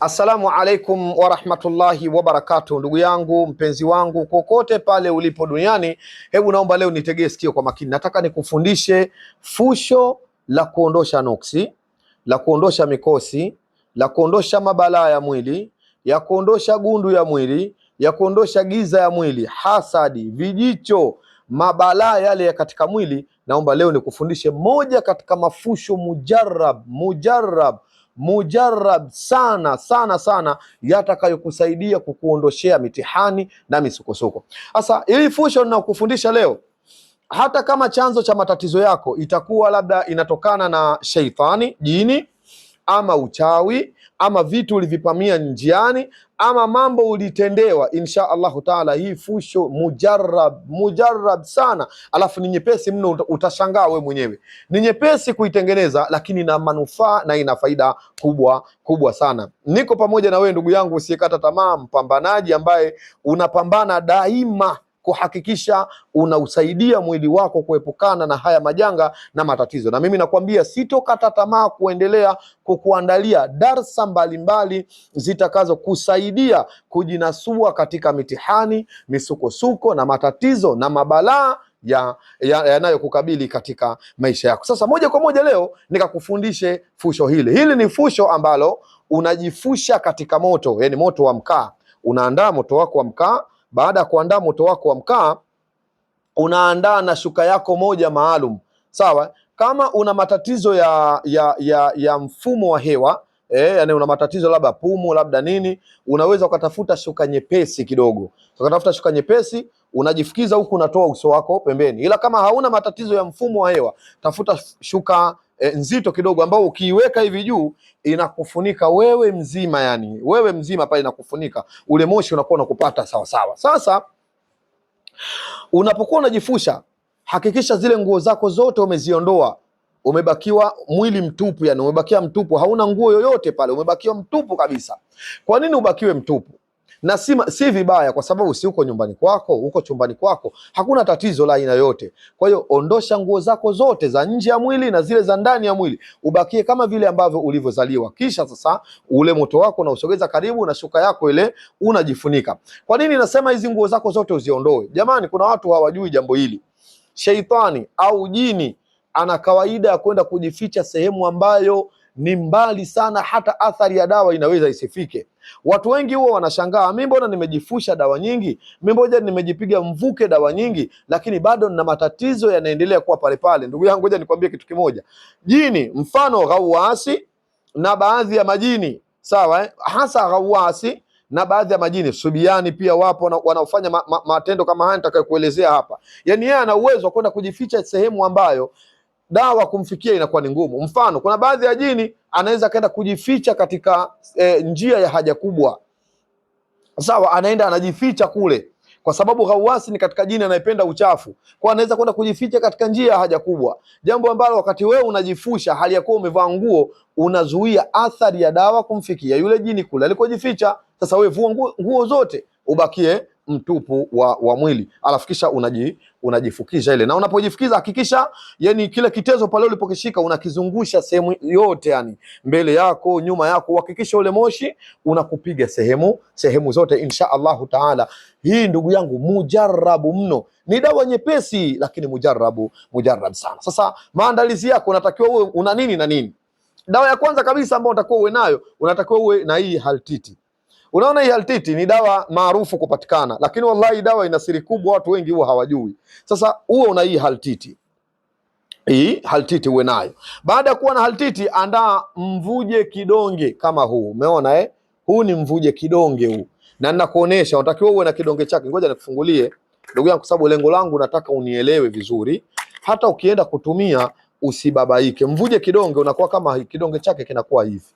Assalamu alaikum warahmatullahi wabarakatu ndugu yangu mpenzi wangu kokote pale ulipo duniani, hebu naomba leo nitegee sikio kwa makini. Nataka nikufundishe fusho la kuondosha nuksi, la kuondosha mikosi, la kuondosha mabalaa ya mwili, ya kuondosha gundu ya mwili, ya kuondosha giza ya mwili, hasadi, vijicho, mabalaa yale ya katika mwili. Naomba leo nikufundishe moja katika mafusho mujarab, mujarab mujarab sana sana sana, yatakayokusaidia kukuondoshea mitihani na misukosuko. Sasa hili fusho ninakufundisha leo, hata kama chanzo cha matatizo yako itakuwa labda inatokana na sheitani, jini ama uchawi ama vitu ulivipamia njiani ama mambo ulitendewa, insha allahu taala, hii fusho mujarab mujarab sana, alafu ni nyepesi mno, utashangaa we mwenyewe. Ni nyepesi kuitengeneza, lakini ina manufaa na ina faida kubwa kubwa sana. Niko pamoja na wewe ndugu yangu, usiyekata tamaa, mpambanaji ambaye unapambana daima kuhakikisha unausaidia mwili wako kuepukana na haya majanga na matatizo. Na mimi nakwambia sitokata tamaa kuendelea kukuandalia darsa mbalimbali zitakazokusaidia kujinasua katika mitihani, misukosuko na matatizo na mabalaa yanayokukabili ya, ya katika maisha yako. Sasa moja kwa moja leo nikakufundishe fusho hili. Hili ni fusho ambalo unajifusha katika moto, yani moto wa mkaa. Unaandaa moto wako wa mkaa baada ya kuandaa moto wako wa mkaa, unaandaa na shuka yako moja maalum, sawa. Kama una matatizo ya, ya, ya, ya mfumo wa hewa E, yani una matatizo labda pumu labda nini, unaweza ukatafuta shuka nyepesi kidogo, ukatafuta shuka nyepesi unajifukiza huku, unatoa uso wako pembeni. Ila kama hauna matatizo ya mfumo wa hewa, tafuta shuka E, nzito kidogo, ambao ukiiweka hivi juu inakufunika wewe mzima, yani wewe mzima pale inakufunika, ule moshi unakuwa unakupata sawa sawa. Sasa unapokuwa unajifusha, hakikisha zile nguo zako zote umeziondoa umebakiwa mwili mtupu, yani umebakia mtupu, hauna nguo yoyote pale, umebakiwa mtupu kabisa. Kwa nini ubakiwe mtupu? na si, si vibaya kwa sababu si uko nyumbani kwako, uko chumbani kwako, hakuna tatizo la aina yote. Kwa hiyo ondosha nguo zako zote za nje ya mwili na zile za ndani ya mwili, ubakie kama vile ambavyo ulivyozaliwa. Kisha sasa ule moto wako unausogeza karibu na shuka yako ile unajifunika. Kwa nini nasema hizi nguo zako zote uziondoe? Jamani, kuna watu hawajui jambo hili. Sheitani au jini ana kawaida ya kwenda kujificha sehemu ambayo ni mbali sana, hata athari ya dawa inaweza isifike. Watu wengi huwa wanashangaa, mi mbona nimejifusha dawa nyingi, mi moja nimejipiga mvuke dawa nyingi, lakini bado nina matatizo yanaendelea kuwa pale pale. Ndugu yangu, ngoja nikwambie kitu kimoja. Jini mfano ghauasi na baadhi ya majini sawa, eh? hasa ghauasi na baadhi ya majini subiani pia wapo wanaofanya matendo ma, ma, kama haya nitakayokuelezea hapa. Yani yeye ana uwezo wa kwenda kujificha sehemu ambayo dawa kumfikia inakuwa ni ngumu. Mfano, kuna baadhi ya jini anaweza akaenda kujificha katika e, njia ya haja kubwa, sawa, anaenda anajificha kule kwa sababu ghawasi ni katika jini anayependa uchafu, kwa anaweza kwenda kujificha katika njia ya haja kubwa, jambo ambalo wakati wewe unajifusha hali ya kuwa umevaa nguo unazuia athari ya dawa kumfikia yule jini kule alikojificha. Sasa wewe vua nguo, nguo zote ubakie mtupu wa, wa mwili, alafu kisha unaji, unajifukiza ile. Na unapojifukiza hakikisha yani kile kitezo pale ulipokishika unakizungusha sehemu yote, yani mbele yako, nyuma yako, uhakikisha ule moshi unakupiga sehemu sehemu zote, insha Allahu taala. Hii ndugu yangu, mujarabu mno, ni dawa nyepesi lakini mujarabu, mujarab sana. Sasa maandalizi yako unatakiwa uwe una nini na nini. Dawa ya kwanza kabisa ambayo unatakiwa uwe nayo, unatakiwa uwe na hii haltiti Unaona, hii altiti ni dawa maarufu kupatikana, lakini wallahi dawa ina siri kubwa, watu wengi huwa hawajui. Sasa uwe una hii altiti, hii altiti uwe nayo. Baada ya kuwa na altiti, andaa mvuje kidonge kama huu. Umeona eh? Huu ni mvuje kidonge huu, na ninakuonesha unatakiwa uwe na kidonge chake. Ngoja nikufungulie ndugu yangu, kwa sababu lengo langu nataka unielewe vizuri, hata ukienda kutumia usibabaike. Mvuje kidonge unakuwa kama kidonge chake kinakuwa hivi,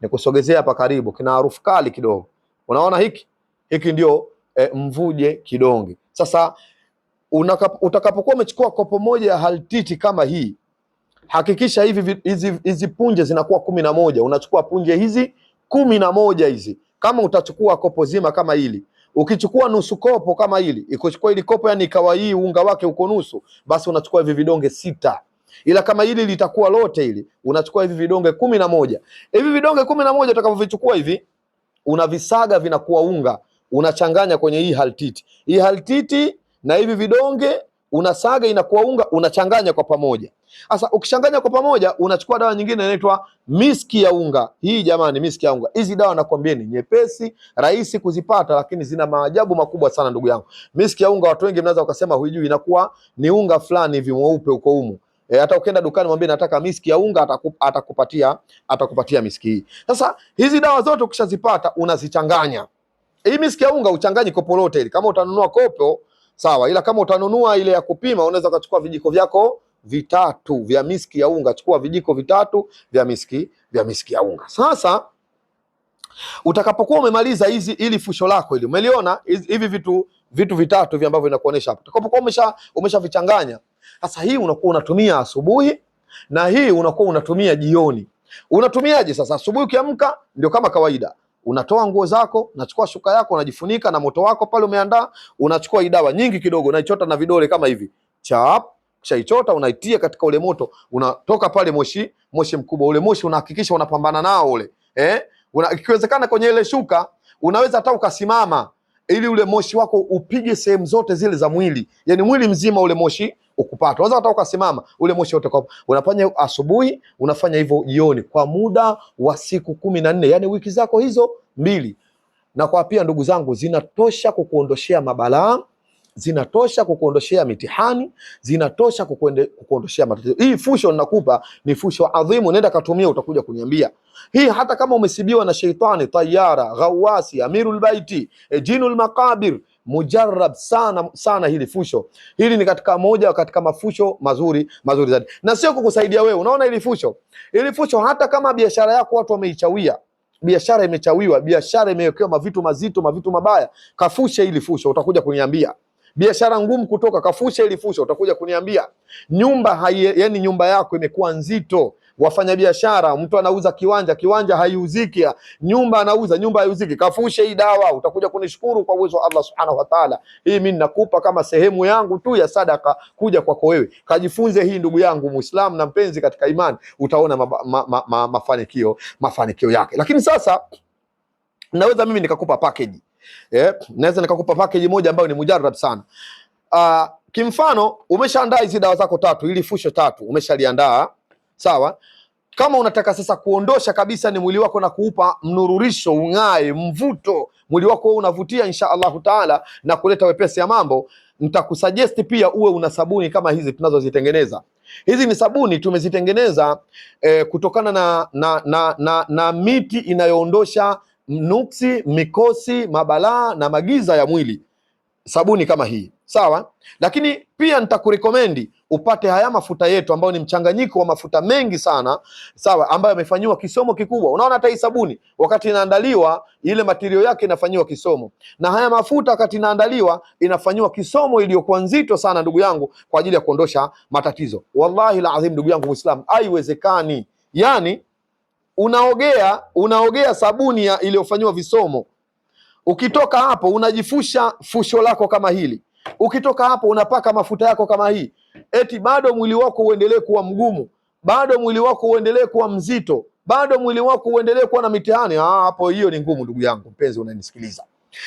nikusogezea hapa karibu, kina harufu kali kidogo Unaona hiki hiki ndio e, mvuje kidonge. Sasa utakapokuwa umechukua kopo moja ya haltiti kama hii, hakikisha hivi hizi hizi punje zinakuwa kumi na moja. Unachukua punje hizi kumi na moja hizi, kama utachukua kopo zima kama hili ukichukua nusu kopo kama hili, ikuchukua ili kopo yani ikawa hii unga wake uko nusu, basi unachukua hivi vidonge sita. Ila kama hili litakuwa lote hili, unachukua hivi vidonge kumi na moja. Hivi vidonge kumi na moja utakavyovichukua hivi unavisaga vinakuwa unga, unachanganya kwenye hii haltiti, hii haltiti na hivi vidonge unasaga inakuwa unga, unachanganya kwa pamoja. Sasa ukichanganya kwa pamoja, unachukua dawa nyingine inaitwa miski ya unga. Hii jamani, miski ya unga, hizi dawa nakwambia ni nyepesi, rahisi kuzipata, lakini zina maajabu makubwa sana ndugu yangu. Miski ya unga, watu wengi mnaweza ukasema huijui, inakuwa ni unga fulani hivi mweupe uko humu E, hata ukienda dukani mwambie nataka miski ya unga atakup, atakupatia atakupatia miski hii. Sasa hizi dawa zote ukishazipata unazichanganya. Hii miski ya unga uchanganye kopo lote ili kama utanunua kopo sawa, ila kama utanunua ile ya kupima unaweza kuchukua vijiko vyako vitatu vya miski ya unga, chukua vijiko vitatu vya miski vya miski ya unga. Sasa utakapokuwa umemaliza hizi ili fusho lako ili umeliona hivi vitu vitu vitatu vya ambavyo inakuonesha hapo, utakapokuwa umesha umeshavichanganya sasa hii unakuwa unatumia asubuhi na hii unakuwa unatumia jioni. Unatumiaje sasa? Asubuhi ukiamka, ndio kama kawaida, unatoa nguo zako, unachukua shuka yako, unajifunika na moto wako pale umeandaa, unachukua idawa nyingi kidogo, unaichota na vidole kama hivi chap Shaichota unaitia katika ule moto, unatoka pale moshi, moshi mkubwa ule. Moshi unahakikisha unapambana nao ule eh? Una, ikiwezekana kwenye ile shuka unaweza hata ukasimama, ili ule moshi wako upige sehemu zote zile za mwili, yani mwili mzima ule moshi ukupata. Unaweza hata ukasimama ule moshi wote kwa unafanya asubuhi, unafanya hivyo jioni, kwa muda wa siku kumi na nne, yani wiki zako hizo mbili. Na kwa pia, ndugu zangu, zinatosha kukuondoshea mabalaa, zinatosha kukuondoshea mitihani, zinatosha kukuondoshea matatizo. Hii fusho ninakupa ni fusho adhimu, nenda katumia, utakuja kuniambia hii. Hata kama umesibiwa na sheitani, tayara, ghawasi, amirul baiti, eh, jinul maqabir mujarab sana sana hili fusho. Hili ni katika moja katika mafusho mazuri mazuri zaidi, na sio kukusaidia wewe. Unaona hili fusho, hili fusho, hata kama biashara yako watu wameichawia biashara imechawiwa, biashara imewekewa mavitu mazito, mavitu mabaya, kafushe hili fusho, utakuja kuniambia. Biashara ngumu kutoka, kafushe hili fusho, utakuja kuniambia. Nyumba haye, yani nyumba yako imekuwa nzito, wafanyabiashara, mtu anauza kiwanja, kiwanja haiuziki, nyumba anauza, nyumba haiuziki. Kafushe hii dawa, utakuja kunishukuru kwa uwezo wa Allah subhanahu wa taala. Hii mimi ninakupa kama sehemu yangu tu ya sadaka kuja kwako wewe. Kajifunze hii, ndugu yangu Muislamu na mpenzi katika imani, utaona ma, ma, ma, ma, mafanikio mafanikio yake. Lakini sasa naweza mimi nikakupa package yeah, naweza nikakupa package moja ambayo ni mujarab sana uh, Kimfano, umeshaandaa hizi dawa zako tatu, ili fusho tatu umeshaliandaa, sawa. Kama unataka sasa kuondosha kabisa ni mwili wako na kuupa mnururisho, ung'ae, mvuto, mwili wako unavutia insha Allahu taala na kuleta wepesi ya mambo, nitakusuggest pia uwe una sabuni kama hizi tunazozitengeneza. Hizi ni sabuni tumezitengeneza eh, kutokana na, na, na, na, na miti inayoondosha nuksi, mikosi, mabalaa na magiza ya mwili sabuni kama hii sawa, lakini pia nitakurekomendi upate haya mafuta yetu ambayo ni mchanganyiko wa mafuta mengi sana sawa, ambayo yamefanyiwa kisomo kikubwa. Unaona hata hii sabuni wakati inaandaliwa ile material yake inafanyiwa kisomo, na haya mafuta wakati inaandaliwa inafanyiwa kisomo iliyokuwa nzito sana, ndugu yangu, kwa ajili ya kuondosha matatizo. Wallahi laadhim, ndugu yangu Muislamu, haiwezekani. Yani unaogea unaogea sabuni ya iliyofanyiwa visomo Ukitoka hapo unajifusha fusho lako kama hili, ukitoka hapo unapaka mafuta yako kama hii, eti bado mwili wako uendelee kuwa mgumu, bado mwili wako uendelee kuwa mzito, bado mwili wako uendelee kuwa na mitihani. Ah, hapo hiyo ni ngumu, ndugu yangu mpenzi unanisikiliza.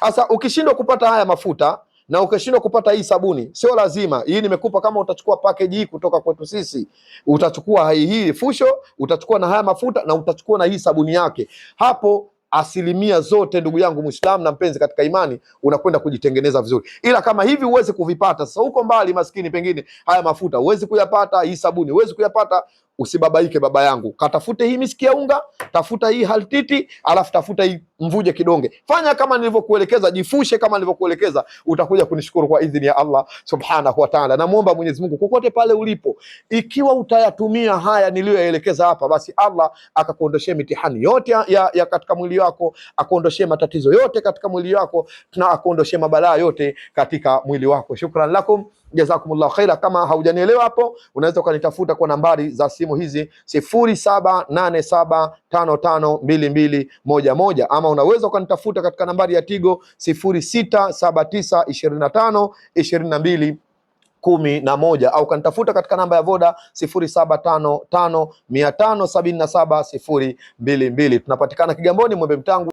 Sasa ukishindwa kupata haya mafuta na ukishindwa kupata hii sabuni, sio lazima hii. Nimekupa kama utachukua package hii kutoka kwetu sisi, utachukua hii hii fusho, utachukua na haya mafuta na utachukua na hii sabuni yake hapo asilimia zote, ndugu yangu Muislamu na mpenzi katika imani, unakwenda kujitengeneza vizuri, ila kama hivi huwezi kuvipata. Sasa huko mbali, maskini, pengine haya mafuta huwezi kuyapata, hii sabuni huwezi kuyapata, usibabaike baba yangu, katafute hii miski ya unga, tafuta hii haltiti, alafu tafuta hii mvuje kidonge. Fanya kama nilivyokuelekeza, jifushe kama nilivyokuelekeza, utakuja kunishukuru kwa idhini ya Allah subhanahu wa ta'ala. Namwomba Mwenyezi Mungu kokote pale ulipo, ikiwa utayatumia haya niliyoyaelekeza hapa, basi Allah akakuondoshea mitihani yote ya, ya katika mwili wako, akuondoshee matatizo yote katika mwili wako, na akuondoshee mabalaa yote katika mwili wako. Shukran lakum jazakumullahu khaira. Kama haujanielewa hapo, unaweza ukanitafuta kwa nambari za simu hizi sifuri saba nane saba tano tano mbili mbili moja moja, ama unaweza ukanitafuta katika nambari ya Tigo sifuri sita saba tisa ishirini na tano ishirini na mbili kumi na moja au kanitafuta katika namba ya Voda sifuri saba tano tano mia tano sabini na saba sifuri mbili mbili. Tunapatikana Kigamboni, Mwembe Mtangu.